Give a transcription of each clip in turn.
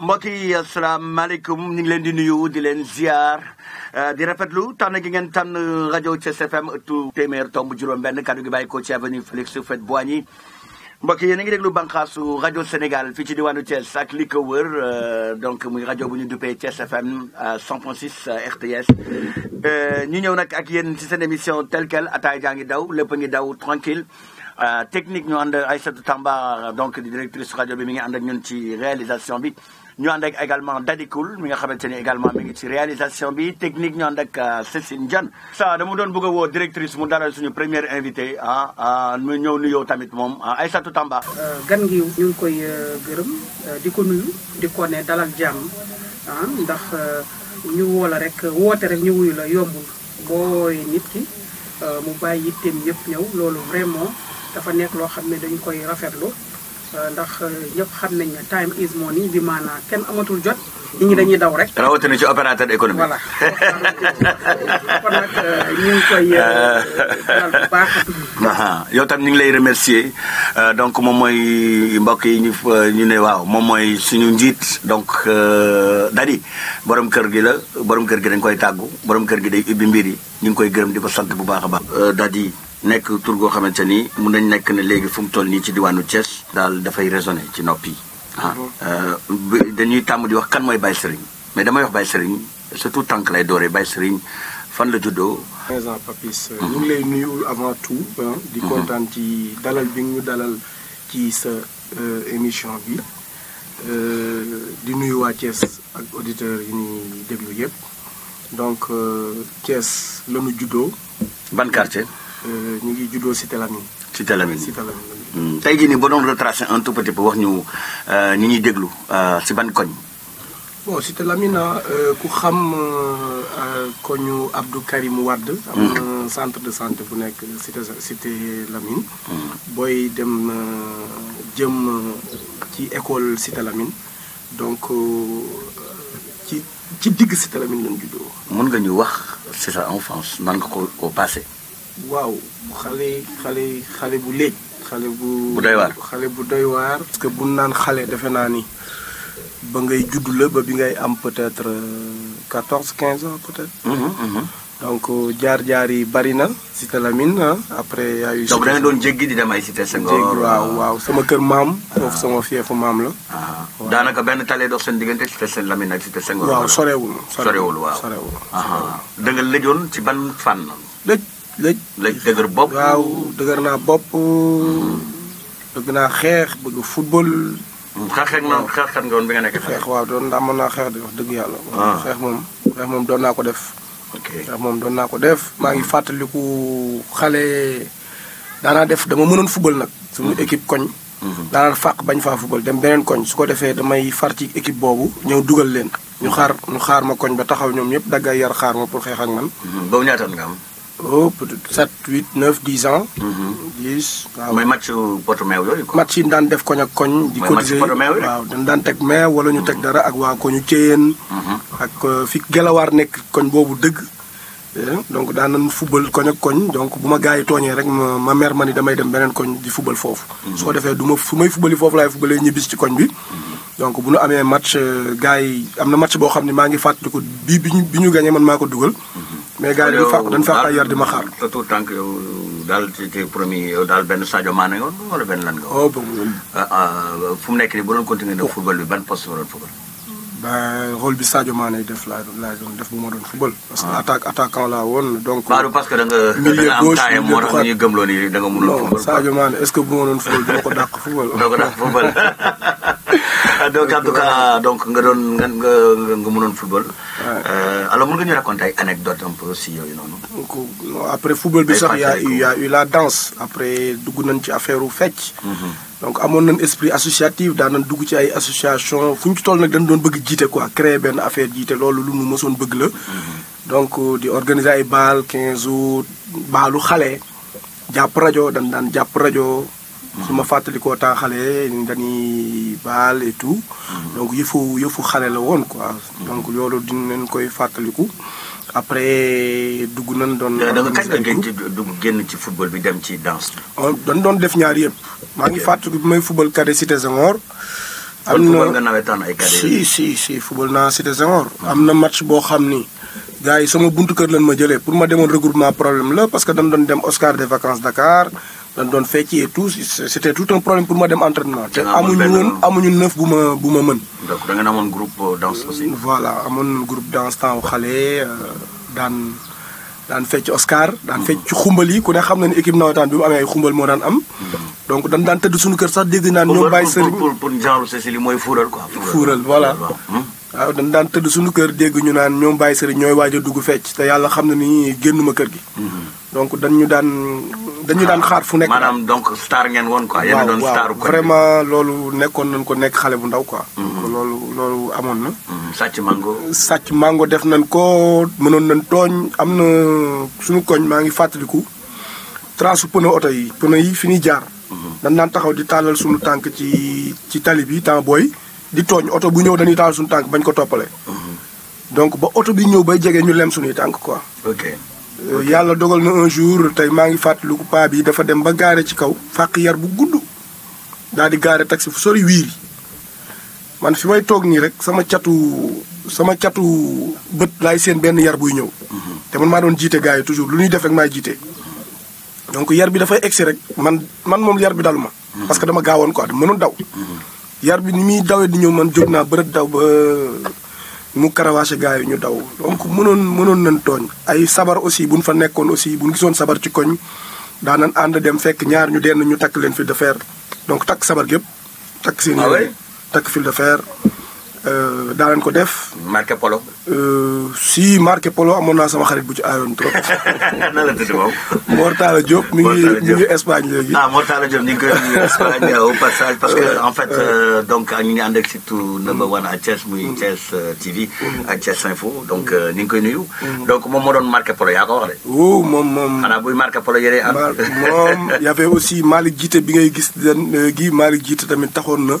mbokk assalam asalaamaaleykum ni ngi len di nuyu di len ziar euh, di rafetlu tànn gi ngeen tànn rajo Thiès FM ëttu téeméer tomb juróom-benn kàddu gi bàyyi ci avenue Félix fet boigny mbokk yi yéen ngi déglu bànqaasu radio senegal fi ci diwaanu ciel ak li ko euh, donc muy radio bu ñu duppee Thiès FM 100.6 RTS. ñu ñew nak ak yéen ci sen émission tel quel atay jaa daw lepp ngi daw tranquille euh, technique ñu ànd Aïssatou Tamba donc di directrice rajo bi mi ngi ànd ñun ci réalisation bi. ñu ànd ak également Dadikoul mi nga xamante ni également mu ngi ci réalisation bi technique ñu ànd ak euh, Cécile Diane. ça dama doon bëgg woo directrice mu dalal suñu première invité ah, ah mu ñëw nuyoo tamit moom ay ah, Aïssatou Tamba. Euh, gan ngi ñu ngi koy euh, gërëm di ko nuyu di ko ne dalal jàmm ah ndax ñu woo la rek woote rek ñu wuyu la yombu boo nit ki mu bàyyi yitteem yëpp ñëw loolu vraiment dafa nekk loo xam ne dañu koy rafetlu. Euh, ndax ñëpp euh, xam nañ ne time is money bi maanaam kenn amatul jot. nit ñi dañuy daw rek. rawatina ci opérateur économique. voilà kon nag euh, ñu yow tam ñu ngi lay remercier donc moom mooy mbokk yi ñu ñu ne waaw moom mooy suñu njiit donc dadi borom kër gi la borom kër gi dañ koy tàggu borom kër gi day ubbi mbir yi ñu ngi koy gërëm di ko sant bu baax a baax. dadi. nekk tur goo xamante ni mun nañ nekk ne léegi fu mu toll nii ci diwaanu Thiès daal dafay résonné ci nopp yi ah euh, dañuy tàmm di wax kan mooy Baye Serigne mais damay wax Baye Serigne surtout tànk lay dooree Baye Serigne fan la juddoo. président Papis mhm. ñu ngi lay nuyu avant tout. di mhm. kontaan ci dalal bi ñu dalal ci sa euh, émission bi euh, di nuyu waa Thiès ak auditeurs yi ñuy déglu yëpp donc Thiès la juddoo. ban quartier. Euh, ñu ngi juddoo Cité Lamine. Cité Lamine mine hmm. un tout petit peu euh, déglu euh, ban Cité Lamine ah, ku xam Abdou Karim hmm. centre de santé nek Cité Lamine. Hmm. dem jëm ci école Cité Lamine donc ci ci que Cité Lamine mën nga c'est sa enfance nan nga passé. waaw xale xale xale bu léej xale bu bu doy waar xale bu doy waar parce que bu naan xale defe naa ni ba ngay judd la ba bi ngay am peut être 14 15 ans peut être -hmm, mhm. -hmm. donc euh, jaar jaar yi bari na cité lamine après y yu. donc da nga doon jéggi di dem ay cité sengor waaw waaw sama kër maam foofu sama fiefu maam la ah, daanaka benn tale dox seen diggante cité sen lamine ak cité sengor waaw sorewul sorewul waaw sorewul da nga lëjoon ci ban fànn lëj lëj lëj dëgër bopp waaw dëgër naa bopp bëgg naa xeex bëgg football xeexeeg noonu xeexkat nga woon bi nga nekk xeex waaw doon amoon naa xeex di wax dëgg yàlla xeex moom xeex moom doon naa ko def xeex moom doon naa ko def maa ngi fàttaliku xale daanaa def dama mënoon football nag suñu équipe hmm. koñ hmm. daanaa fàq bañ faa football dem beneen koñ su ko defee damay far ci équipe boobu ñëw dugal leen ñu hmm. xaar ñu xaar ma koñ ba taxaw ñoom ñëpp dagg ay yar xaar ma pour xeex ak man boobu ñaata nga am oh peut-être 7 8 9 10 ans. 10 mhm. waaw mooy match poto meew yooyu match yi daan def koñ ak koñ. di cotiser waaw dañ daan teg meew wala ñu teg mhm. dara ak waa koñu Ceyeen. Mhm. ak euh, fi gelawaar nekk koñ boobu dëgg. Eh, donc daan nañ football koñ ak koñ donc bu ma gars yi tooñee rek ma ma mer ma ni damay dem beneen koñ di football foofu. su ko defee du ma fu may football foofu laay footballee ñibbis ci koñ bi. donc bu nu amee match euh, gars yi am na match boo xam ne maa ngi fàttaliku bii bi ñu bi ñu gagné man maa ko dugal. mais gars yi dañu fàq dañu fàq ay yar di ma xaar. te tout tant daal premier yow daal benn Sadio Mané nga wala benn lan nga woon. oh bon. Ah, ah, fu nekk nii bu doon continuer na oh. football bi ban poste nga doon football. ben rôle bi Sadio Mané def laa doon laa doon def bu ma doon football. parce que ah. attaque attaquant laa woon donc. parce que da nga da nga am est-ce que bu ma doon football dama ko ko dàq football. donc en donc nga doon nga nga nga mënoon football. Euh, alors mën nga ñu raconter ay anecdote un peu si yooyu noonu. Euh, après football bi sax y' a eu la danse après dugg nañ ci affaire u fecc. Mhm. donc amoon nañ esprit associatif daan dugg ci ay association fu ñu ci toll nag dañ doon bëgg jiite ko créer benn affaire jiite loolu lu mu mësoon bëgg la. Mhm. donc euh, di organiser ay baal 15 jours baalu xale. jàpp rajo dañ daan jàpp rajo. su ma fàttalikoo temps xale dañuy baal et tout. Mm-hmm. donc yëfu yëfu xale la woon quoi. Mm-hmm. donc loolu dinañ koy fàttaliku. après dugg nañ doon. doon kañ génn ci football bi dem ci danse dañ doon def ñaar yëpp. maa ngi fàttali bi may football cadet Cité Senghor. am na si si am na match boo xam ni. gars yi sama buntu kër lañ ma jëlee pour ma demoon regroupement problème la parce que dañ doon dem Oscar des vacances Dakar. dañ doon fecci et tout c'était tout un problème pour ma dem entraînement y'a té amuñu ñun amuñu neuf buma buma mën donc da nga amone groupe euh, danse aussi voilà amone groupe danse temps xalé euh, dan dan fecc Oscar dan fecc ci xumbal yi ku ne xam na ni équipe nawatan bi mu amé ay xumbal mo daan am donc dan dan teud suñu kër sax dégg naan ñoo bay sëriñ pour pour genre c'est li moy foural quoi foural voilà waaw dañ dan teud suñu kër dégg ñu naan ñoom bay sëriñ ñoy waja dugg fecc té yalla xam na ni génnuma kër gi hmm donc dañu dan dañu dan xaar fu nekk manam donc star ngeen won quoi yene don star quoi vraiment lolu nekon nañ ko nek xalé bu ndaw quoi mhm. lolu lolu amoon na mhm. mango sacc mango def nañ ko mënon nañ togn amna suñu koñ ma ngi fàttaliku trasu pneu auto yi pneu yi fini jaar mhm. dañ nan taxaw di talal suñu tank ci ci tali bi tan boy di togn oto bu ñew dañuy talal suñu tank bañ ko topalé donc ba oto bi ñew bay jégué ñu lem suñu tank quoi ok Euh, yàlla dogal na un jour tey maa ngi fàttaliku paa bi dafa dem ba gaare ci kaw fàq yar bu gudd daal di gaare taxi fu sori wiiri man fi may toog nii rek sama catu sama catu bët laay seen benn yar buy ñëw te man maa doon jiite gars yi toujours lu ñuy def rek maa jiite donc yar bi dafay egsi rek man man moom yar bi dalu ma parce que dama gaawoon quoi mënoon daw yar bi ni muy dawee di ñëw man jóg naa bërët daw ba mu karawaase gars yi ñu daw donc mënoon mënoon nañ tooñ ay sabar aussi bu buñ fa nekkoon aussi buñ gisoon sabar ci koñ daanan ànd dem fekk ñaar ñu denn ñu takk leen fil de fer donc takk sabar gépp takk seen ah yére takk fil de fer Euh, daa leen ko def. Marque Polo. Euh, si Marque Polo amoon naa sama xarit bu ci aayoon trop. nan la tudd moom. Mor Talla Diop mi ngi que en fait euh, donc ah, ngi ànd ak surtout mm. number one à Thiès muy mm. Thiès TV. Mm. ak Thiès Info donc ñu moom moo doon Marque Polo yaa ko wax de. wuu moom moom. xanaa buy aussi Malick Djité bi ngay gis den gi Malick Djité tamit taxoon na.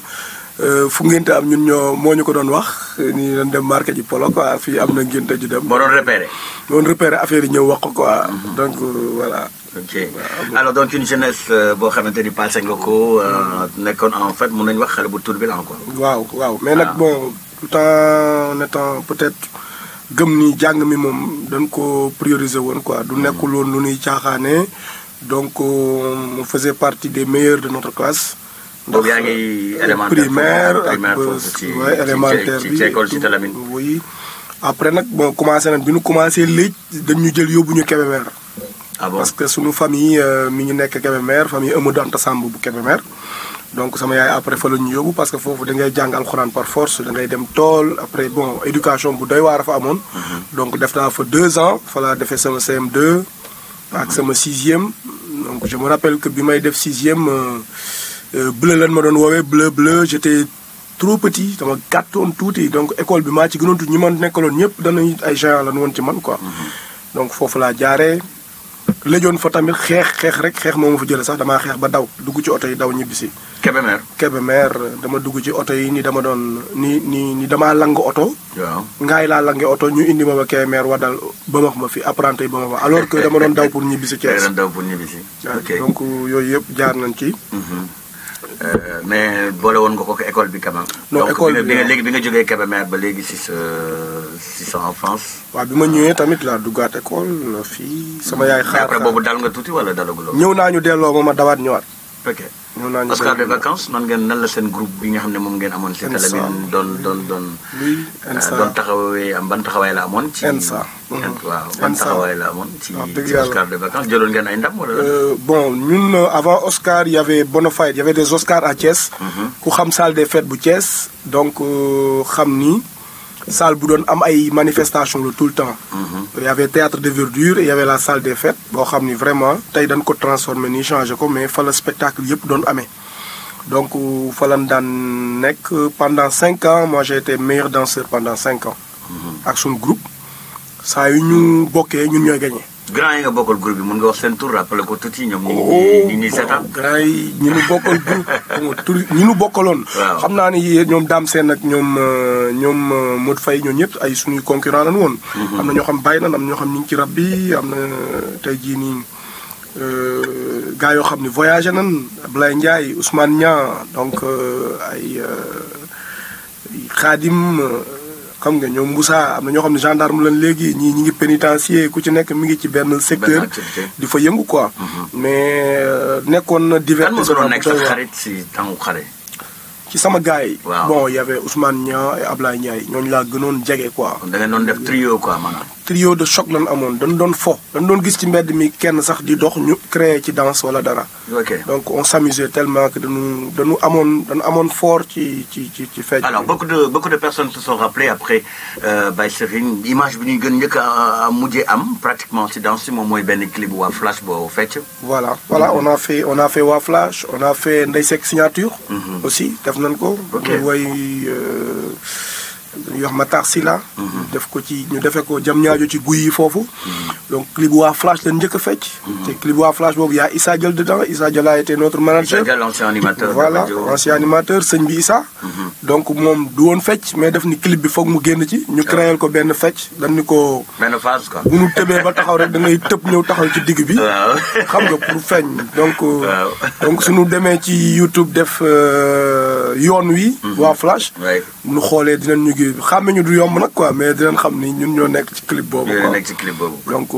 Euh, fu ngente am ñun ñoo moo ñu ko doon wax ni dañ dem marqué ji polo quoi fii am na ngente ju dem. moo doon repéré. doon repéré affaire yi ñëw wax ko quoi. Mhm. donc euh, voilà. ok alors donc une jeunesse euh, boo xamante ni passé nga ko mhm. nekkoon en fait mun nañ wax xale bu turbulent quoi. waaw waaw mais nag ah. bon tout en étant peut être gëm ni jàng mi moom dañ ko prioriser woon quoi du mhm. nekkul woon lu caaxaanee donc faisait partie des meilleurs de notre classe. boobu yaa ngi euh, élémentaire primaire ak euh, ci élémentaire bi ci école Cité Lamine. après nag bon commencé nag bi ñu commencé léegi dañ ñu jël yóbbu ñu Kébémer. ah parce que suñu famille euh, mi ñu nekk Kébémer famille amu Anta Samb bu Kébémer. donc sama yaay après fa lañu yobu parce que fofu da ngay jàng alcorane par force da ngay dem tool après bon éducation bu doy waar fa amone mm-hmm. donc def naa fa deux ans fa laa defee sama CM2. ak sama sixième donc je me rappelle que bi may def sixième. Euh, bleu lan ma doon woowee bleu bleu j'étais trop petit dama gàttoon tuuti donc école bi maa ci gënoon tuuti ñi ma nekkaloon ñëpp danañ ay géant lan woon ci man ko mm-hmm. donc foofu laa jaaree. léjoon fa tamit xeex xeex rek xeex moo ma fa jële sax xeex ba daw dugg ci oto yi daw ñibbisi. Kébémer. Kébémer dama dugg ci oto yi ni dama doon ni ni ni damaa lang oto. waaw ngaay laa lange oto ñu indi ma ba Kébémer wa dal ba ma ma fi apprenti ba ma alors que dama doon daw pour ñibbisi Thiès. dama doon daw pour ñibbisi. donc yooyu yëpp jaar nañ ci. Mm-hmm. Euh, mais boole woon nga ko ko école bi quand même. non école bi léegi bi nga jógee Kébémer ba léegi si sa si sa france waaw bi ma ñëwee tamit laa duggaat école fii sama yaay. xaar boobu dal nga tuuti wala dalaguloo. ñëw naa ñu delloo ma ma dawaat ñëwaat. Oscar de vacances man ngeen nan la un groupe bi nga xam ne moom ngeen amoon ci télé don don doon doon euh, doon taxawee am ban taxawaay la amoon ci ENSA mhm. waaw ban taxawaay la amoon ci Oscar de vacances jëloon ngeen ay ndam wala euh, bon ñun euh, avant Oscar il y avait Bonafide y avait des Oscars à Thiès mhm. ku xam salle des fêtes bu Thiès donc xam ni salle bu doon am ay manifestation la tout le temps mhm. y avait théâtre de verdure y avait la salle des fêtes boo xam ni vraiment tey dañ ko transformé nii changé ko mais fa la spectacle yëpp doon ame donc euh, fa lan daan nekk pendant cinq ans moi j'ai été meilleur danseur pendant cinq ans mhm. ak suñu group saa yu ñu bokkee ñu ñooy gagné grand yi nga bokkal groupe bi mën nga wax seen tur rappelé ko tuuti ñoom ñi ñi oh. seetaan grand yi ñi nu bokkal groupe tur ñi nu bokkaloon xam naa ni ñoom dam seen ak ñoom euh, ñoom euh, Modou Faye ñoo ñëpp ay suñuy concurrent lañu woon mhm. am na ñoo xam bàyyi am ñoo xam ci bi am na euh, ni nan Ablaye Ndiaye Ousmane Niang donc ay Khadim xam nga ñoom Moussa am na ñoo xam ne gendarme lañ léegi ñii ñi ngi pénitencier ku ci nekk mu ngi ci benn secteur di fa yëngu quoi mhm. mais euh, nekkoon na divertissement nekk sa xarit si tàngu xare ci sama gars yi bon y avait Ousmane ab et Ablaye Niaye ñooñu laa gënoon jege quoi da noon def trio quoi maanaam trio de choc lan amone dañ don fo dañ don gis ci mbedd mi kenn sax di dox ñu créer ci danse wala dara donc on s'amusait tellement que dañu dañu amone dañu amone fort ci ci ci ci alors beaucoup de beaucoup de personnes se sont rappelées après serait euh, Serigne image bi ñuy gën ñëk a mujjé am pratiquement ci danse moom mooy ben clip waa flash boo fecc voilà voilà mhm. on a fait on a fait wa flash on a fait Ndeye Seck signature mhm. aussi def nañ ko way woy euh, ñu wax Matar Sylla def ko ci ñu defee ko jam ñaajo ci guuy yi foofu donc clip wa Flash leen njëkk fecc té clip wa Flash bobu ya isa Diol dedans isa Diol a été notre manager voilà ancien animateur sëñ bi isa mhm. donc mom du won fecc mais def ni clip bi foog mu génn ci ñu créer ko benn fecc dañ ni ko bu ñu tëbee ba taxaw rek da ngay tëb ñëw taxaw ci digg bi xam nga pour feeñ donc donc suñu demee ci YouTube def euh, yoon wi mhm. wa Flash ñu xolé dinañ ñu liggéey bi xàmme ñu du yomb nag quoi mais dinañ xam ni ñun ñoo nekk ci clip boobu. ñoo nekk ci clip boobu. donc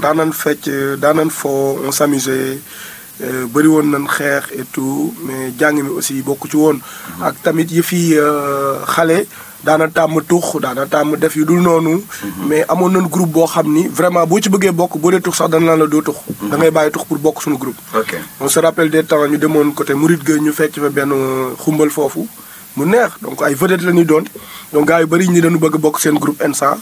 daanan fecc daanan foo on s'amusait euh, bëri woon nañ xeex et mais jàng mi aussi bokk ci woon. Mhm. ak tamit yëf yi euh, xale. daana tàmm tux daana tàmm def yi dul noonu. Mhm. mais amoon nañ group boo xam ni vraiment boo ci bëggee bokk boo dee tux sax dana naan la doo tux. Mhm. da ngay bàyyi tux pour bokk suñu group ok on se rappelle des temps ñu demoon côté Mouride Gueye ñu fecc fa benn euh, xumbal foofu. mu neex donc ay vedette la ñuy doon donc gars yu bëri ñi dañu bëgg bokk seen groupe Ensa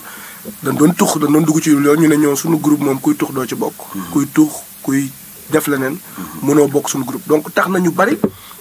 dañ doon tux dañ doon dugg ci loolu ñu ne ñoo suñu groupe moom kuy tux doo ci bokk mm-hmm. kuy tux kuy def leneen mm-hmm. mënoo bokk suñu groupe donc tax nañu bëri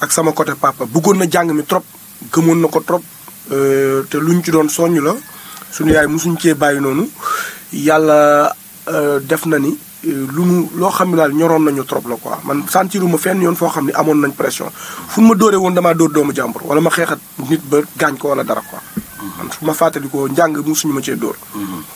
ak sama côté papa bëggoon na jàng mi trop gëmoon na ko trop euh, te lu luñ ci doon soññ la suñu yaay mosuñ cee bàyyi noonu yàlla euh, def na ni euh, lu nu loo xam ne daal ñoroon nañu trop la quoi man sentiruma fenn yoon foo xam ne amoon nañ pression fu ma dóoree woon damaa dóor doomu jàmbur wala ma xeexat nit ba gaañ ko wala dara ko man su ma fàttalikoo njàng mosuñu ma cee dóor mm-hmm.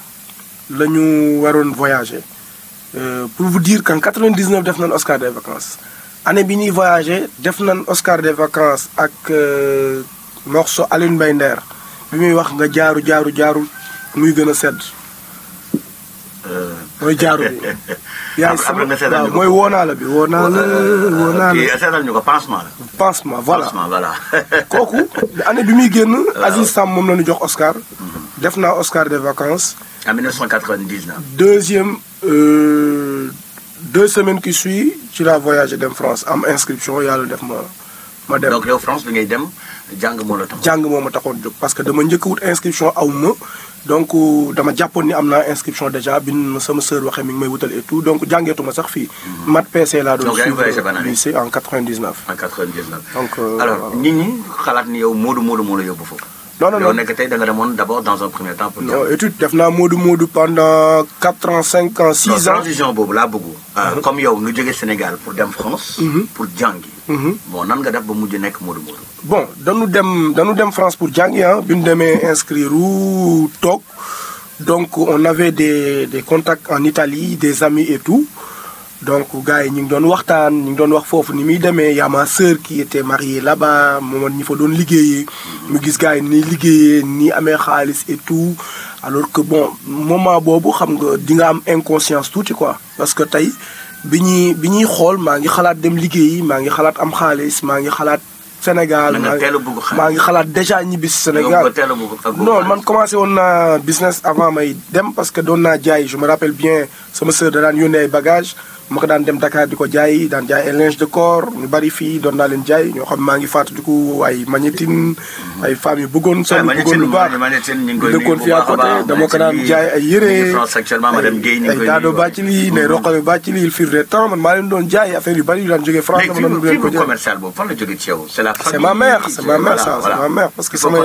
la ñu waroon voyager euh, pour diir vous dire qu'en 99 def nañ Oscar des vacances année bi ñuy voyager def nañ Oscar des vacances ak euh, morceau Alioune Mbaye Nder bi muy wax nga jaaru jaaru jaaru muy gën a sedd. mooy jaaru bi. yaay sama waaw mooy woonaa la bi woonaa la woonaa la. ñu ko pansement la. voilà pansement voilà. kooku année bi muy génn. Aziz Sam moom la ñu jox Oscar. Mhm. def naa Oscar des vacances. en 1999. deuxième euh, deux semaines qui suit ci la voyage dem France am inscription yàlla def ma ma dem. donc yow France bi ngay dem. jàng moo la taxoon jàng moo ma parce que dama njëkk wut inscription aw ma donc euh, dama japon ni amna inscription déjà Bin sama sœur waxe mi may wutal et tout donc jàngeetuma sax fi mhm. mat PC la do suivre en 99. en 99 donc. Euh, alors nit ñi xalat ni yow Modou Modou moo la yóbbu foofu. non non non nekk tey da nga demoon d'abord dans un premier temps. pour non Et tu def na Modou Modou pendant 4 ans 5 ans 6 ans. transition boobu la bëgg. Euh, mhm. comme yow nga jëgé Sénégal pour dem France. Mhm. pour jangui bon nan nga def ba bon France pour jangui ah. inscrire donc on avait des contacts en Italie des amis et tout. donc gars yi waxtaan ñing wax ni y a ma sœur qui était mariée là-bas ñi fa doon gars ni ni et tout. alors que bon moment bobu xam nga di nga am inconscience quoi parce que tay bi ñuy bi ñuy xool maa ngi xalaat dem liggéey maa ngi xalaat am xaalis maa ngi xalaat Sénégal maa ngi xalaat déjà ñibbi si Sénégal non man commencé woon naa business avant may dem parce que doon naa jaay je me rappelle bien sama sœur da daan yónnee ma ko daan dem Dakar di ko jaay daan jaay ay linge de corps ñu bari fii doon naa leen jaay maa ngi fàttaliku ay magnétine mm-hmm. ay femmes yu bëggoon sol bëggoon man maa leen doon jaay affaire yu bari yu daan jógee France dama doon parce que sama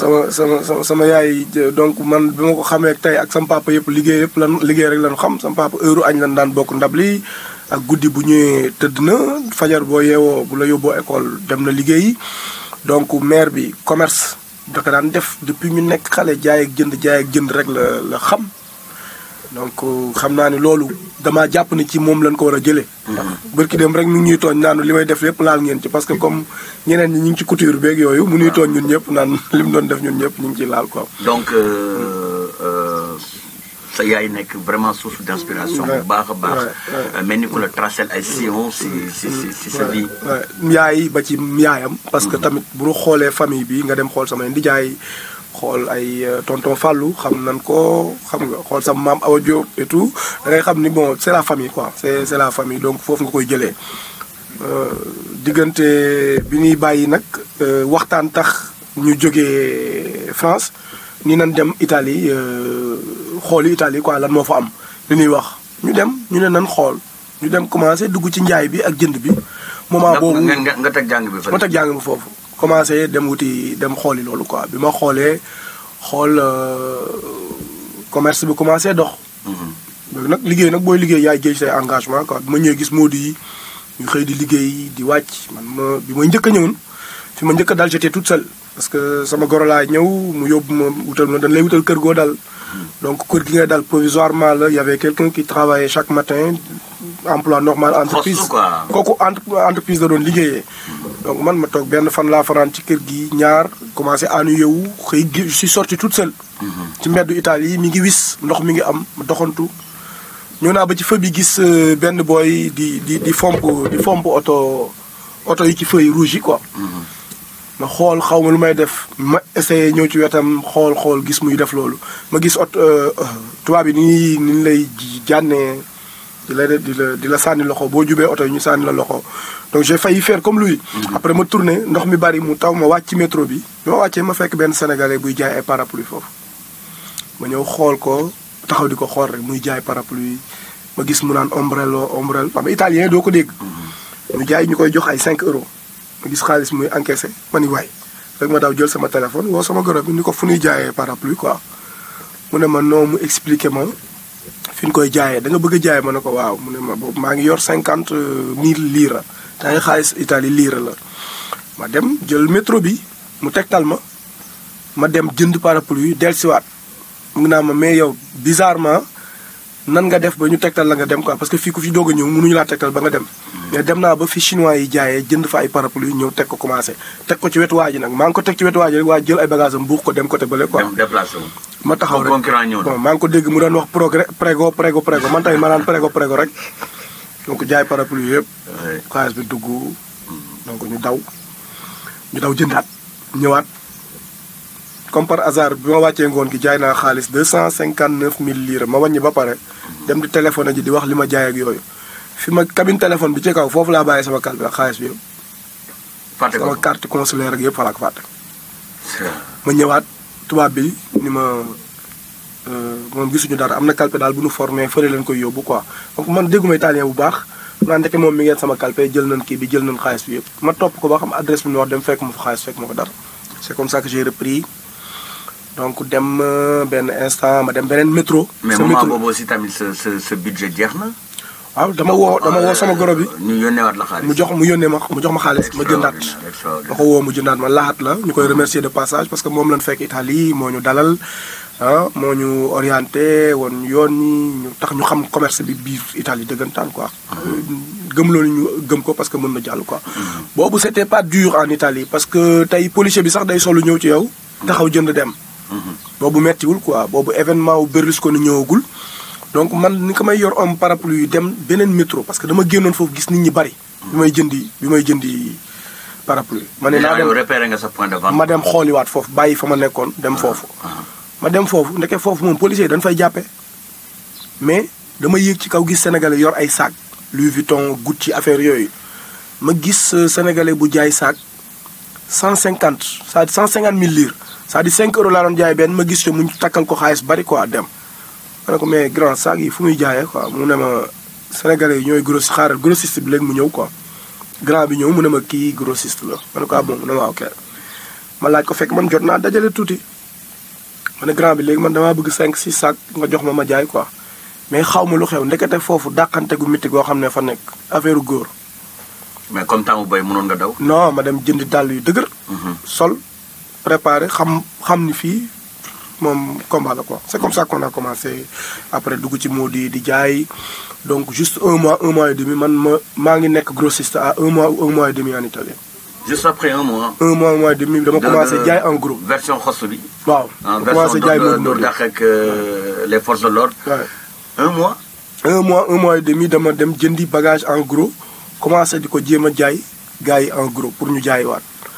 sama sama sama yaay donc man bi ma ko xamee tey ak sama yëpp liggéey yëpp lan liggéey rek lan xam sama papa heure añ lan daan bokk ndab li ak guddi bu ñëwee tëdd na fajar boo yeewoo bu la yóbboo école dem na liggéeyi donc maire bi commerce da ko daan def depuis ñu nekk xale jaay ak jënd jaay ak jënd rek la la xam donc xam naa ni loolu dama jàpp ni ci moom lañ ko war a jëlee ndax bërki dem rek mi ngi ñuy tooñ naan li may def lépp laal ngeen ci parce que comme ñeneen ñi ñu ngi ci couture beeg yooyu mu ñuy tooñ ñun ñëpp naan lim doon def ñun ñëpp ñu ngi ci laal quoi donc euh, sa yaay vraiment source d'inspiration, inspiration bu baax a baax euh, mel ni ku la tracel ay c'est si si si sa vie yaay ba ci yaayam parce que mm. tamit bu xolé famille bi nga dem xol sama ndijaay xol ay euh, tonton Fallou xam nan ko xam nga xool sama mam Awa et tout da ngay xam ni bon c'est la famille quoi c'est, c'est la famille donc foofu nga koy euh diggante bi ni bayyi nak euh, waxtaan tax ñu joggé France ni nan dem Italie euh, xooli Italie quoi lan moo fa am li ñuy wax ñu dem ñu ne nan xool ñu dem commencé dugg ci njaay bi ak jënd bi moment boobu nga teg jàng bi ma teg jàng bi foofu commencé dem wuti dem xooli loolu quoi bi ma xoolee xool euh, commerce bi commencé dox mhm. nag liggéey nag booy liggéey yaay géej say engagement quoi bi ma ñëwee gis moo di ñu xëy di liggéey di wàcc man ma bi may njëkk a fi ma njëkk a dal j'étais toute parce que sama goro laa ñëw mu yóbbu ma wutal ma dañ lay wutal kër goo dal donc kër gi nga dal provisoirement la y avait quelqu'un qui travaillait chaque matin emploi normal entreprise kooku entreprise la doon liggéeyee donc man ma toog benn fan laa fanaan ci kër gi ñaar commencé à wu xëy je suis sorti toute seule mhm. ci mbeddu Italie mi ngi wis ndox mi ngi am ma doxantu ñëw naa ba ci feu bi gis euh, benn boy di di di fomp di fomp oto oto yi ci feu yi rouge yi quoi mhm. ma xool xaw ma lu may def ma essayé ñëw ci wetam xool xool gis muy def loolu ma gis ot euh, euh, tubaab yi ni ni lay jànnee di la di di la sànni loxo boo jubee oto ñu sànni la loxo donc j'ai failli faire comme lui. Mhm. après ma tourné ndox mi bari mu taw ma wàcc ci métro bi. bi ma ma fekk benn sénégalais buy jaay ay parapluie foofu ma ñëw xool ko taxaw di ko xool rek muy jaay parapluie ma gis mu naan ombrello ombrello xam nga italien doo ko dégg. Mhm. mu jaay ñu koy jox ay 5 euros. ma gis xaalis muy encaissé ma ni waay rek ma daaw jël sama téléphone woo sama goro bi ni ko fu ñuy jaayee parapluie quoi mu ne ma noo mu expliqué ma fi ñu koy jaayee da bëgg a ma ne ko waaw mu ne ma boobu maa ngi yor cinquante mille lira daa ngi xaalis Italie lira la ma dem jël métro bi mu tegtal ma ma dem jënd parapluie dellusiwaat mu ngi naa ma mais yow bizarrement nan nga def ba ñu tektal la nga dem quoi parce que fi ku fi doga ñew ñëw mënuñu laa tegtal ba nga dem mais dem na ba fi chinois yi jaayé jënd fa ay parapluie ñew tek ko commencé tek ko ci wetu waji nak maa ngi ko tek ci wetu waji rek waa jël ay bagage am buux ko dem côté balé quoi ma taxaw rek bon maa ngi ko dégg mu doon wax progrès prégo prégo prégo man tay ma naan prégo prégo rek donc jaay parapluie yépp quoi bi duggu donc ñu daw ñu daw jëndat ñëwaat comme par hasard bi ma wàccee ngoon gi jaay naa xaalis deux cent cinquante neuf mille lire ma wàññi ba pare dem di téléphone ji di wax li ma jaay ak yooyu fi ma cabine téléphone bi ci kaw foofu laa bàyyi sama carte bi xaalis bi yëpp. fàtte sama carte consulaire ak yëpp fa laa ko fàtte. ma ñëwaat tubaab bi ni ma euh, moom gisuñu dara am na calpe bu ñu formé fële leen koy yóbbu quoi donc man dégguma italien bu baax. naa moom mi ngeen sama calpe jël nañ kii bi jël nañ xaalis bi yëpp ma topp ko ba xam adresse bi ñu wax dem fekk ma fa xaalis fekk ma ko dara c'est comme ça que j'ai repris. donc dem euh, benn instant ma dem beneen métro. mais moment boobu aussi tamit sa sa sa budget jeex na. waaw ah, dama woo dama woo sama gorobi. bi. Euh, ñu yónneewaat la xaalis mu jox mu yónnee ma mu jox ma xaalis ma jëndaat. ma ko mu jëndaat ma laat la ñu remercier de passage parce que moom lañ fekk Italie moo dalal ha, ah, moo ñu orienté woon yoon yi ñu tax ñu xam commerce bi biir Italie dëggantaan quoi. gëm loolu ñu gëm ko parce que mën na jàll quoi. Mm-hmm. boobu c'était pas dur en Italie parce que tey policier bi sax day solu ñëw ci yow. taxaw jënd dem metti wul quoi bobu événement wu berlusconi ñëwagul donc man ni ko may yor am parapluie dem benen métro parce que dama gennon fofu gis nit ñi bari bi may jëndi bi may jëndi parapluie ma ne naa dem repérer nga sa point de vente ma dem xoli wat fofu bayyi fama nekkon dem ah, fofu ah. ma dem fofu ndeke fofu mom policier dañ fay jappé mais dama yegg ci kaw gis sénégalais yor ay sac louis vuitton gucci affaire yoy ma gis euh, sénégalais bu jaay sac 150 ça 150 000 lire ça di 5 euros la doon jaay ben ma gis ko muñ takkal ko xaliss bari quoi dem ma ko mais grand sac yi fu muy quoi mu ne ma sénégalais ñoy ñooy xaar grossiste bi léegi mu ñew quoi grand bi ñew mu ne ma grossiste la ma ko ah bon mu ne ma ah, ok ma laaj ko fekk man jotna dajalé dajale tuuti ma grand bi léegi man dama bëgg 5 6 sac nga jox ma ma jaay quoi mais xaw lu xew ndekete fofu dàqante gu miti go xamné fa nek affaire góor mais comme temps bay mënon nga daw non ma dem jënd dal yu deugër mhm. sol préparé xam ni combat quoi. c'est comme ça qu'on a commencé après le ci moo di donc juste un mois un mois et demi man ma maa grossiste à un mois ou un mois et demi en Italie. juste après un mois. un mois un mois et demi dama ah, commencé jaay en gros. version xos wow. waaw version commencé avec les forces de l'ordre. un mois. un mois un mois et demi dama dem jëndi bagage en gros commencé à ko ma a jaay en gros pour nous jaay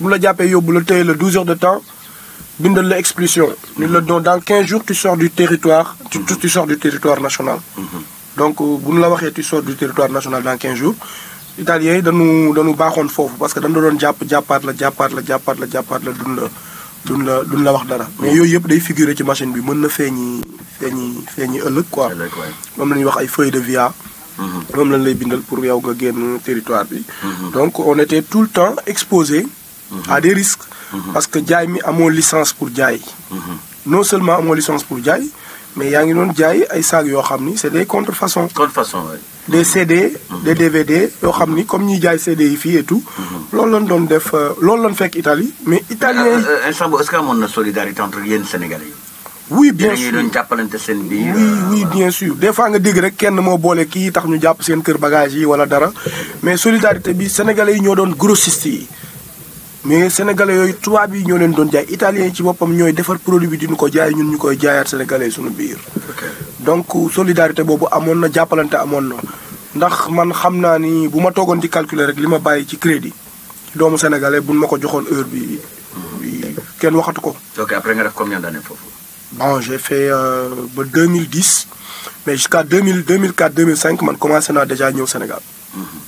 mu la jàppee yóbbu la téye 12 heures de temps bindal l'expulsion. nous ni la don dans 15 jours tu sors du territoire tu tu sors du territoire national mhm. donc euh, bu nous la waxee tu sors du territoire national dans 15 jours italiens yi dañu dañu baaxoon foofu parce que dañu la doon jàpp jàppaat la jàppaat la jàppaat la jàppaat la dun la dun la dun la wax dara mais yooyu yëpp day figurer ci machine bi mën na feeñi feeñi feeñi ëllëg quoi moom la ñuy wax ay feuilles de via mhm. moom lañ lay bindal pour yow nga génn territoire bi mhm. donc on était tout le temps exposé à des risques. parce que jaay mi amo licence pour j'ai non seulement amo licence pour j'ai mais yaa ngi doon jaay ay saag yo xamni c'est des contrefaçons. contrefaçons des mhm. CD. des DVD yo xamni comme ñuy jaay CD yi fii et tout. Mhm. loolu lañ doon def euh, loolu lañ fekk Italie mais. italien yi est ce que amoon na solidarité entre les Sénégalais oui bien sûr oui euh, oui bien sûr des fois nga dig rek kenn mo bolé ki tax ñu japp seen kër bagage yi wala dara mais solidarité bi sénégalais ñoo doon grossiste yi mais sénégalais yooyu tubaab yi ñoo leen doon jaay italien ci bopam ñoy defar produit bi di ñuko jaay ñun ñukoy koy sénégalais suñu biir. donc solidarité bobu amon na jappalante amon na. ndax man xamna ni bu ma di calculer rek lima ma ci crédit doomu sénégalais buñ mako ko heure bi kenn waxatu ko. ok après nga def combien d'années fofu bon j'ai fait euh, ba 2010 mais jusqu'à 2000 2004 2005 man commencé na déjà ñëw Sénégal. Mhm.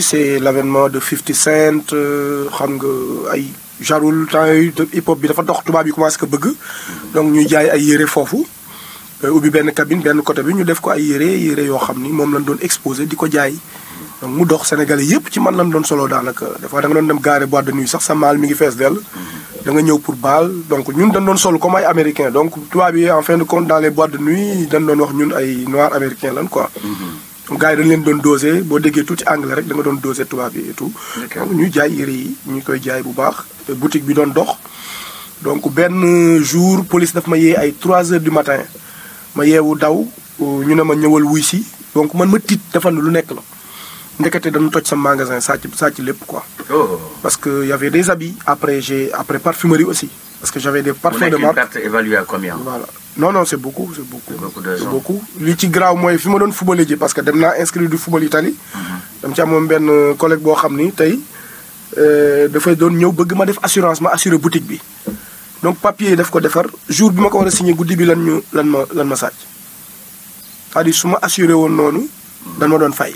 c'est l'avènement de 50 Cent euh, xam hip hop bi dafa dox a commencé donc nous, jaay ay yére euh, bien la cabine nous côté bi ñu def exposé Nous donc Sénégalais yëpp ci man solo des fois da boîte de nuit sax avons mal, mi ngi nous da nga des pour Nous donc nous, dañ solo comme les Américains. donc en fin de compte dans les boîtes de nuit nous avons wax noir américain gars yi dañ leen doon dosé boo déggee tuuti anglais rek da nga doon dosé tubaab bi et tout. ñu jaay yëre yi ñu koy jaay bu baax. boutique bi doon dox donc benn jour police daf ma yee ay 3 heures du matin ma yeewu daw ñu ne ma ñëwal wuy si donc man ma tiit dafa lu nekk la. ndekete dañu toj sa magasin sàcc sàcc lépp quoi. Oh. parce que y avait des habits après j'ai après parfumerie aussi. parce que j'avais des parfums de marque. évalué à combien. voilà non non c'est beaucoup c'est beaucoup. c'est beaucoup li ci garaaw mooy fi ma doon footballé ji parce que dem inscrit du football Italie. dam mm-hmm. ci amoon benn collègue boo xam ni tey euh, dafay doon ñëw bëgg ma def assurance ma assuré boutique bi. donc papier yi daf ko defar jour bi ma ko war a signé guddi bi lan ñu lan ma lan ma sàcc c'est-à-dire su ma assuré woon dan ma doon fay.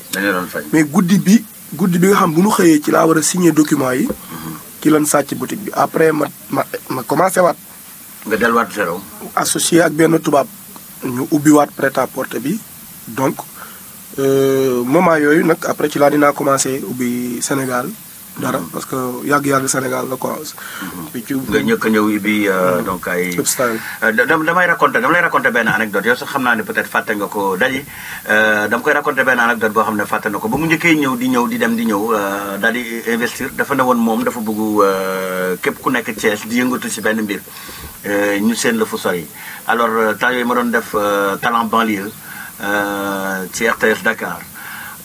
mais guddi bi guddi bi nga xam bu nu xëyee ci laa war a signé document yi. Mm-hmm. ci lan sàcc boutique bi après ma ma ma commencé waat. nga delluwaat zéro. associé ak benn tubaab ñu ubbiwaat prêt à porter bi donc euh, moment yooyu nag après ci laa dinaa commencé ubbi Sénégal. dara mm-hmm. parce que yàgg-yàgg Sénégal la quoi. Mm-hmm. nga ñëkk a ñëw bi euh, mm-hmm. donc ay. Euh, damay raconté dama lay raconté benn anecdote yow sax xam naa ne peut-être fàtte nga ko daji dama koy raconté benn anecdote boo xam ne fàtte ko ba mu njëkkee ñëw di ñëw di dem di ñëw daal investir dafa ne woon moom dafa bëgg képp ku nekk Thiès di yëngatu ci benn mbir. Euh, ñu seen la fu sori alors euh, temps yooyu ma doon def euh, talent banlieue ci RTS Dakar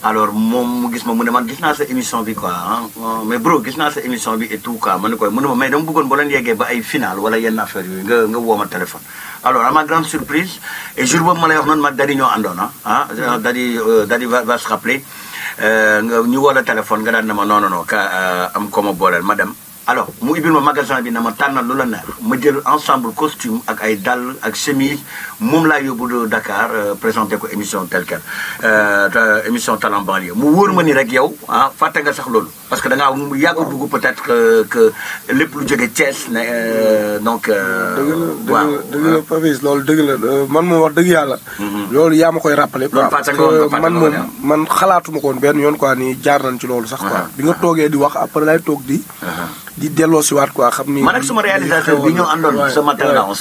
alors moom mu gis ma mu ne man gis naa sa émission bi quoi hein. mais bro gis naa sa émission bi et tout quoi ma ne koy mu ne ma mais dama bëggoon boo leen yeggee ba ay final wala yenn affaire yooyu nga nga woo ma téléphone. alors à ma grande surprise et jour boobu ma lay wax noonu ma dadi ñoo àndoon hein. ah dadi dadi va va se rappeler nga ñu woo la téléphone nga daan ne ma non non non ka am ko ma booleel ma dem alors mu ibbil ma magasin bi na ma tànnal lu la neex ma jël ensemble costume ak ay dal ak chemise moom laa yóbbu Dakar euh, présenté ko émission tel quel euh, émission talent banlieue mu wóor ma ni rek yow ah fàtte nga sax loolu parce que da ngaa yàgg dugg peut-être que que lépp lu jóge Thiès ne euh, donc. waaw dëgg la dëgg la Papis loolu dëgg la man moom wax dëgg yàlla. Mhm. loolu yaa ma koy rappelé. loolu fàtte nga man moom man xalaatuma ko woon benn yoon quoi ni jaar nañ ci loolu sax quoi. bi nga toogee di wax après lay toog di di quoi on se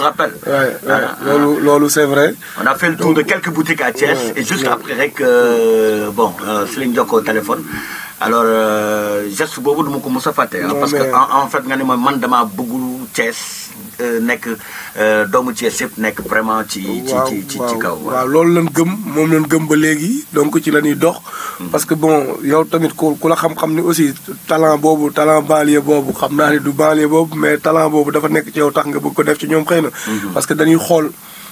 rappelle. Ah, ah, ah. vrai. on a fait le tour de quelques boutiques à Thiès. et juste après rek euh, bon euh, téléphone. alors euh, geste boobu duma ko mos a fàtte. parce que en fait nga ne ma man damaa bëggu Thiès euh, nekk euh, doomu Thiès yëpp nekk vraiment ci ci ci ci kaw. waaw loolu lan gëm moom lañ gëm ba léegi donc ci la ñuy dox. Hmm. parce que bon yow tamit ku ku la xam-xam ni aussi talent boobu talent banlieue boobu xam naa ni du banlieue boobu mais talent boobu dafa nekk ci yow tax nga bëgg ko def ci ñoom xëy na. Hmm. parce que dañuy xool.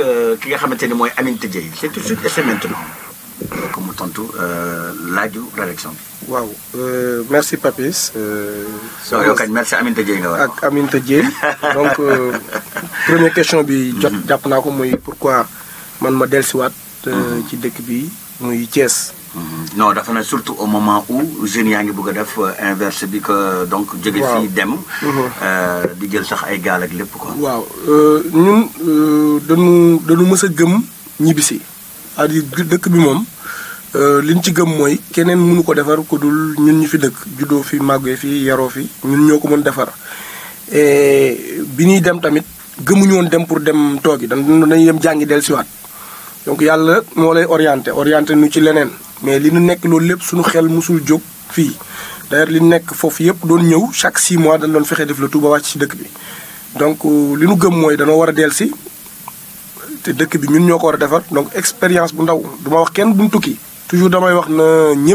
c'est tout de suite et c'est maintenant comme tantôt euh, euh, merci Papis. Euh, merci Amin Tadjé nga donc première question mhm. pourquoi mon modèle soit qui mhm. dëkk bi Mhm. non dafa ne surtout au moment où jeunes yaa ngi bëgg a def euh, inverse bi ko donc. jóge fii dem. Mhm. Euh, di jël sax ay gaal lépp ko waaw euh, ñun dañu dañu mës a gëm ñibbisi. c'est-à-dire dëkk bi moom liñ ci gëm mooy keneen mënu ko defar ku dul ñun ñu fi dëkk juddoo fi màggee fi yaroo fi ñun ñoo ko mën defar. bi ñuy dem tamit gëmuñu woon dem pour dem toogi dañuy dem jàngi dellusiwaat donc yàlla moo lay orienté orienté nu ci leneen. mais li nu nek loolu qui suñu xel musul jog fi d'ailleurs li nek fofu doon ñëw chaque 6 mois dañ doon fexé def Touba donc euh, li nu gëm mooy nous war a c'est te dëkk bi ñun ñoo ko war donc expérience bu ndaw duma wax kenn buñ toujours wax na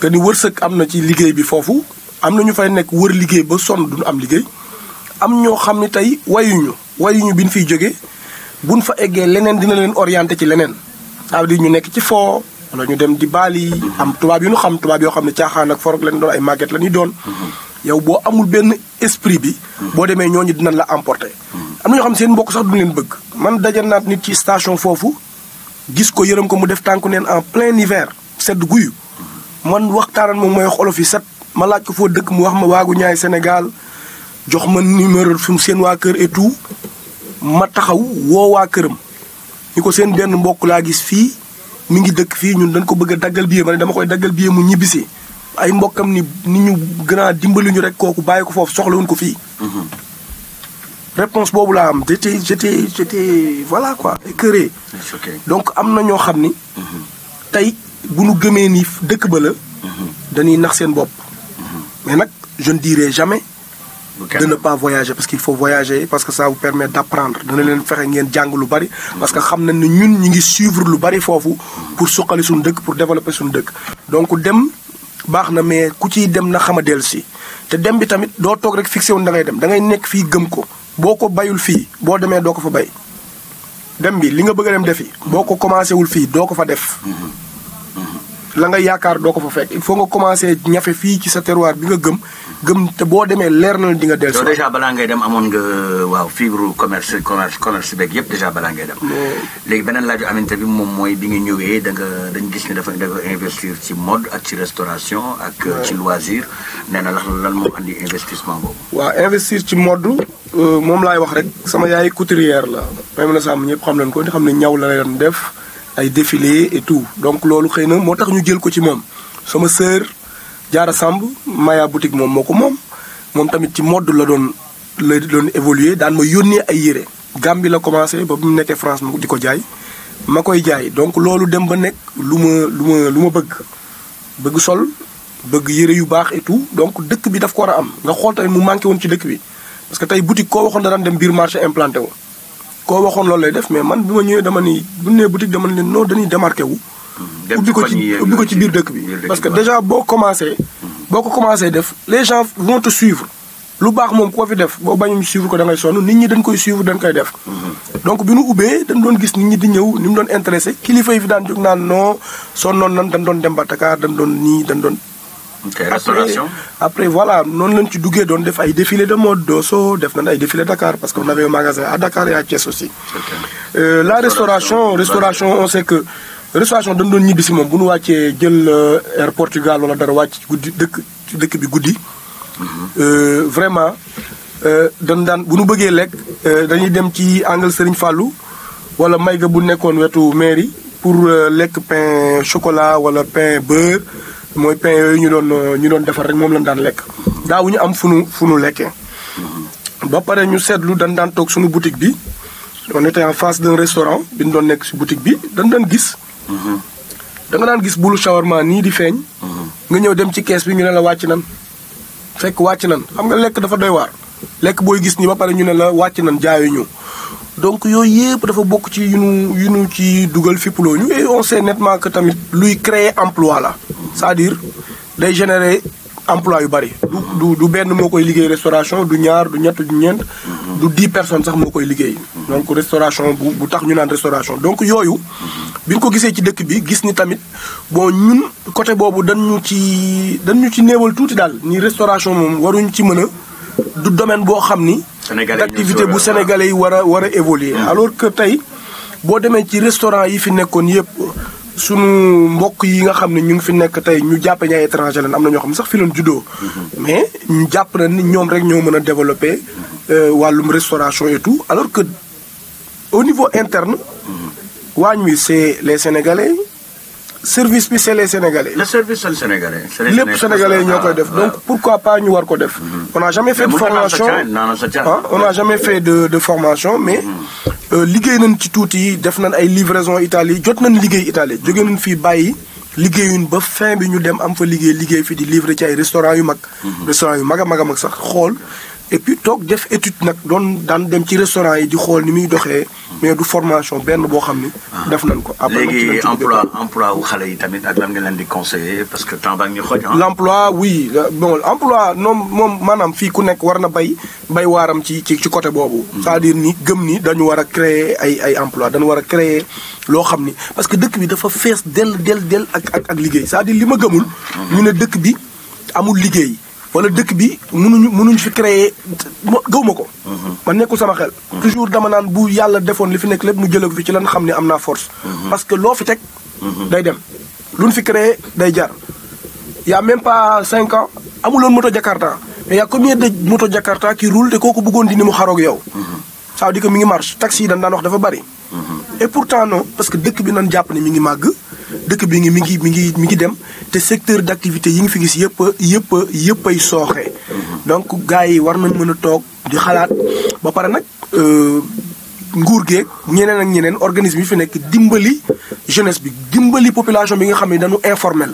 que ni wërsëg am na ci liggéey bi foofu am na ñu fay nekk wër liggéey ba sonn duñu am liggéey am ñoo xam ne tey wayuñu wayuñu bi ñu fiy jógee buñ fa eggee leneen dina leen orienté ci leneen ça veut ñu nekk ci foo wala ñu dem di baali am tubaab yi nu xam tubaab yoo xam ne caaxaan ak forog leen doon ay màgget la ñuy doon yow boo amul benn esprit bi boo demee ñooñu dinañ la emporter am na ñoo xam ne seen mbokk sax duñ leen bëgg man daja naat nit ci station foofu gis ko yërëm ko mu def tànku neen en plein hiver sedd guyu man waxtaan mo mooy xolofi set ma laaj ko foo dëkk mu wax ma wagu ñaay senegal jox ma numéro fum sen wa keur et tout ma taxaw wo wa keuram niko sen ben mbok la gis fi mi ngi deuk fi ñun dañ ko bëgg daggal biye man dama koy daggal biye mu ñibisi ay mbokam ni ni ñu gën dimbali ñu rek koku bayiko fofu soxla wuñ ko fi mhm. réponse bobu la am j'étais j'étais j'étais voilà quoi écœuré donc amna ño xamni mhm. tay bu nu gëmee ni dëkk ba la. dañuy nax seen bopp. mais nag je ne dirai jamais. de ne pas voyager parce qu'il faut voyager parce que ça vous permet d'apprendre dana leen fexe ngeen jàng lu bari. parce que xam nañ ne ñun ñu ngi suivre lu bari foofu pour suqali suñu dëkk pour développer suñu dëkk. donc dem baax na mais ku ciy dem na xama del si te dem bi tamit doo toog rek fixé woon da ngay dem da ngay nekk fii gëm ko boo ko bayul fii boo demee doo ko fa bay dem bi li nga bëgg a dem defi boo ko commencé wul fii doo ko fa def. la nga yaakaar doo ko fa fekk il faut nga commencé ñafe fii ci sa terroir bi nga gëm gëm te boo demee leer na di nga dellu so déjà balaa ngay dem amoon nga waaw fibre commerce commerce commerce beeg yëpp déjà balaa ngay dem léegi beneen laaju aminte bi moom mooy bi nga ñëwee da nga dañ gis ni dafa da nga investir ci mode ak ci restauration ak ci loisir nee na lax lan moo indi investissement boobu waaw investir ci mode euh, moom laay wax rek sama yaay couturière la may mën a xam nañ ko di xam ne ñaw la lay doon def ay défilé et tout donc lolu xeyna motax ñu jël ko ci mom sama sœur jaara samb maya boutique mom moko mom mom tamit ci mode la doon la doon évoluer dan ma yónnee ay yéré gambie la commencé ba bu nekké france di ko jaay makoy jaay donc lolu dem ba nek luma luma luma bëgg bëgg sol bëgg yéré yu baax et tout donc dëkk bi daf ko wara am nga xol tay mu manké won ci dëkk bi parce que tay boutique ko waxon da dem bir marché implanté woon koo waxoon loolu lay def mais man bi ma ñëwee dama ni bu ñu nee boutique dama ne leen non dañuy démarqué wu. Mm, ubbi ko ci ubbi ko ci biir dëkk bi. parce que déjà boo commencé. Mm. boo ko commencé def les gens vont te suivre. lu baax moom koo fi def boo bañuñ suivre ko da ngay nit ñi dañ koy suivre dañ koy def. Mm-hmm. donc bi nu ubbee dañ doon gis nit ñi di ñëw ni mu doon intéressé kilifa yi fi daan jóg naan non sonnoon nan dañ doon dem ba Dakar dañ doon nii dañ doon. ok restauration après voilà non lañ ci duggee doon def ay défilé de mode Dosso def nañ ay défilé Dakar parce qu'on avait un magasin à Dakar et à Thiès aussi. Euh, la restauration restauration on sait que. restauration de doon de si moom bu ñu wàccee jël euh, air Portugal wala dara wàcc Goudi guddi dëkk ci dëkk bi guddi. Mhm. Euh, vraiment dañ daan bu ñu bëggee lekk dañuy dem ci angle Serigne Fallou wala Mayga bu nekkoon wetu mairie pour lekk pain chocolat wala pain beurre. mooy pain yooyu ñu doon euh, ñu doon defar rek moom lañ daan lekk ñu am fu nu fu nu lekkee. ba pare ñu seetlu dañ daan toog suñu boutique bi on était en face d'un doon nekk si boutique bi dañ daan gis. da daan gis bul shawarma nii di feeñ. nga ñëw dem ci kees bi ñu ne la wàcc nan fekk wàcc nan xam nga lekk dafa doy waar. lekk booy gis nii ba pare ñu ne la wàcc nan jaayuñu donc yooyu yëpp dafa bokk ci yu nu yu nu ci dugal fippuloo ñu et on sait nettement que tamit luy créer emploi la c'est-à-dire day générer emploi yu bari du du benn moo koy liggéey restauration du ñaar du ñett du ñeent du dix personnes sax moo koy liggéey donc restauration bu bu tax ñu naan restauration donc yooyu bi ñu ko gisee ci dëkk bi gis ni tamit bon ñun côté boobu dañu ci dañu ci néewal tuuti daal ni restauration moom waruñ ci mën a du domaine bo xamni l'activité bu sénégalais yi wara a évoluer. Hmm. alors que tay bo démé ci restaurant yi fi nekkoon yépp suñu mbokk yi nga xamni ñu ngi fi nekk tay ñu japp ñay étranger lan amna na xam sax fi leen juddoo. Hmm. mais ñu japp na ni ñom rek ñoo mëna développer euh walum restauration et tout alors que au niveau interne. Hmm. waañ wi c'est les sénégalais service bi c'est les Sénégalais. le service c'est les Sénégalais. lépp Sénégalais def ah, donc ah. pourquoi pas ñu war ko mm-hmm. on a jamais fait de formation ah, on a jamais fait de de formation mais. Mm-hmm. Euh, liguer nañ ci outil def nañ ay livraison Italie jot nañ liggéey Italie jóge nañ fii bàyyi. liggéeyuñ ba fin bi ñu dem am fa liggéey liggéey fi di livrer ci ay restaurant yu mag. Mm-hmm. restaurant yu mag a mag mag sax xool et puis tok def étude nak don dan dem ci restaurant yi di xol ni muy doxee. mais du formation ben bo xamni ni. Ah. def nañ ko après léegi emploi emploi wu xalé yi tamit ak lan nga leen di conseiller parce que temps baa ngi ñu xoj. Ah. l' emploi oui bon emploi moom moom maanaam fii ku nek war na bay bay waram ci ci ci côté bobu hmm. c'est-à-dire ni gëm ni dañu wara créer ay ay emploi dañu wara créer lo xamni parce que dëkk bi dafa fees dell del del ak ak ak liggéey c'est-à-dire li ma gëmul. Hmm. ñu ne dëkk bi amul liggéey. wala dëkk bi mënuñu mënuñu fi créer gëwma ko mhm. man nekkul sama xel mhm. toujours dama naan bu yàlla defoon li fi nekk lépp mu jëlee ko fi ci lan xam ne am naa force mhm. parce que loo fi teg day dem lu luñ fi créer day jar yaa a même pas cinq ans amuloon moto Jakarta mais y a moto Jakarta ki roule te kooku bëggoon di ni mu xaroog yow ça veut dire mi ngi marche taxi yi dañ daan wax dafa bari et pourtant non parce que dëkk bi nan jàpp ne mi ngi màgg dëkk bi ngi mi ngi mi ngi mi ngi dem te secteur d' activité yi nga fi gis yëpp yëpp yëpp ay sooxe. donc gars yi war nañ mën a toog di xalaat ba pare nag euh, nguur geeg ñeneen ak ñeneen organisme yi fi nekk dimbali jeunesse bi dimbali population bi nga xam ne dañu informel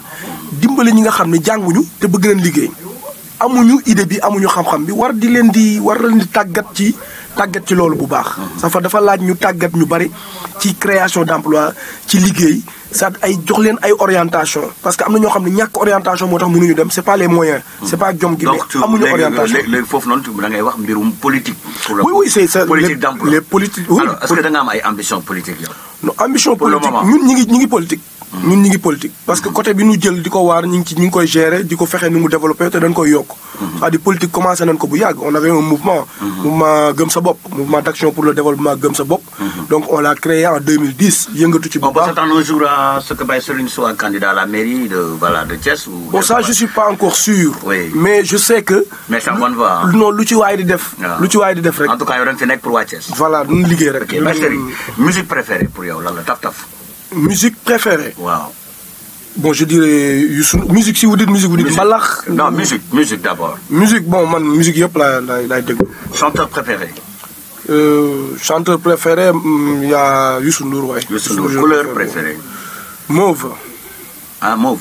dimbali ñi nga xam ne jànguñu te bëgg nañ liggéey. amuñu idée bi amuñu xam-xam bi war di leen di war leen di tàggat ci tàggat ci loolu bu baax. safa dafa laaj ñu tàggat ñu bari ci création d' emploi ci liggéey. cest ay jox ay orientation parce que amna ñoo a orientation motax mënu pas les moyens. c'est pas jom gi orientation donc non, da ngay wax politique. oui oui c'est ça politique les politiques. alors est ce que da nga am ambition politique non ambition politique ñun ñi politique ñun ñu ngi politique parce que côté bi ñu jël di ko waar ngi koy gérer di ko ni mu développé te dañ koy yokk cest politique commencé nañ ko bu yàgg on avait un mouvement mouvement gëm sa mouvement d'action pour le développement gëm sa donc on l'a créé en 2010 yëngatu ci on peut un jour à ce que Baye Serigne soit candidat à la mairie de voilà de Thiès ou bon ça je suis pas encore sûr mais je sais que mais ça bonne voie hein. non lu ci waay di def ah. lu ci di def rek en tout cas yow da nga fi nekk pour waa Thiès voilà ñu liggéey rek Baye Serigne musique préférée pour yow lan la taf musique préférée Wow. bon je dirais musique si vous dites musique vous dites malak. non musique musique d'abord musique bon man musique yop la la la, chanteur préféré euh, chanteur préféré il mm, y a Youssou Ndour couleur préférée mauve ah mauve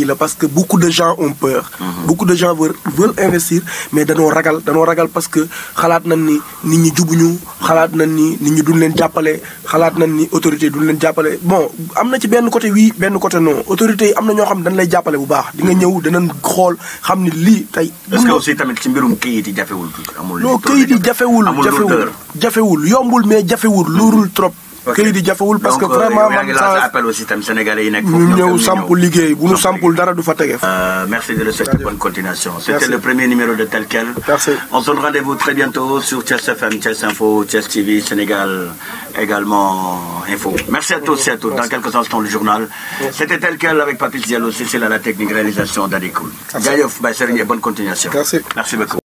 ñi parce que beaucoup de gens ont peur. Mhm. beaucoup de gens veulent veulent investir mais danoo ragal danoo ragal parce que xalaat nañ ni nit ñi jubuñu xalaat nañ ni nit ñi duñ leen jàppale xalaat nañ ni autorité duñ leen jàppale bon am na ci benn côté oui benn côté non autorité yi am na ñoo xam ne dañ lay jàppale bu baax. di ñëw danañ xool xam ni lii tey. est aussi tamit ci mbirum kayit yi jafewul. amul non kayit yi jafewul jafewul jafewul yombul mais jafewul luurul trop. merci de le souhaiter bonne continuation. c'était le premier numéro de tel quel. on se donne rendez-vous très bientôt sur TSFM, FM Chess Info TS TV Sénégal également Info. merci à tous et à toutes dans quelques instants le journal. c'était tel quel avec Papis Diallo C'est la technique réalisation d'Adikou Koul. bonne continuation. merci beaucoup.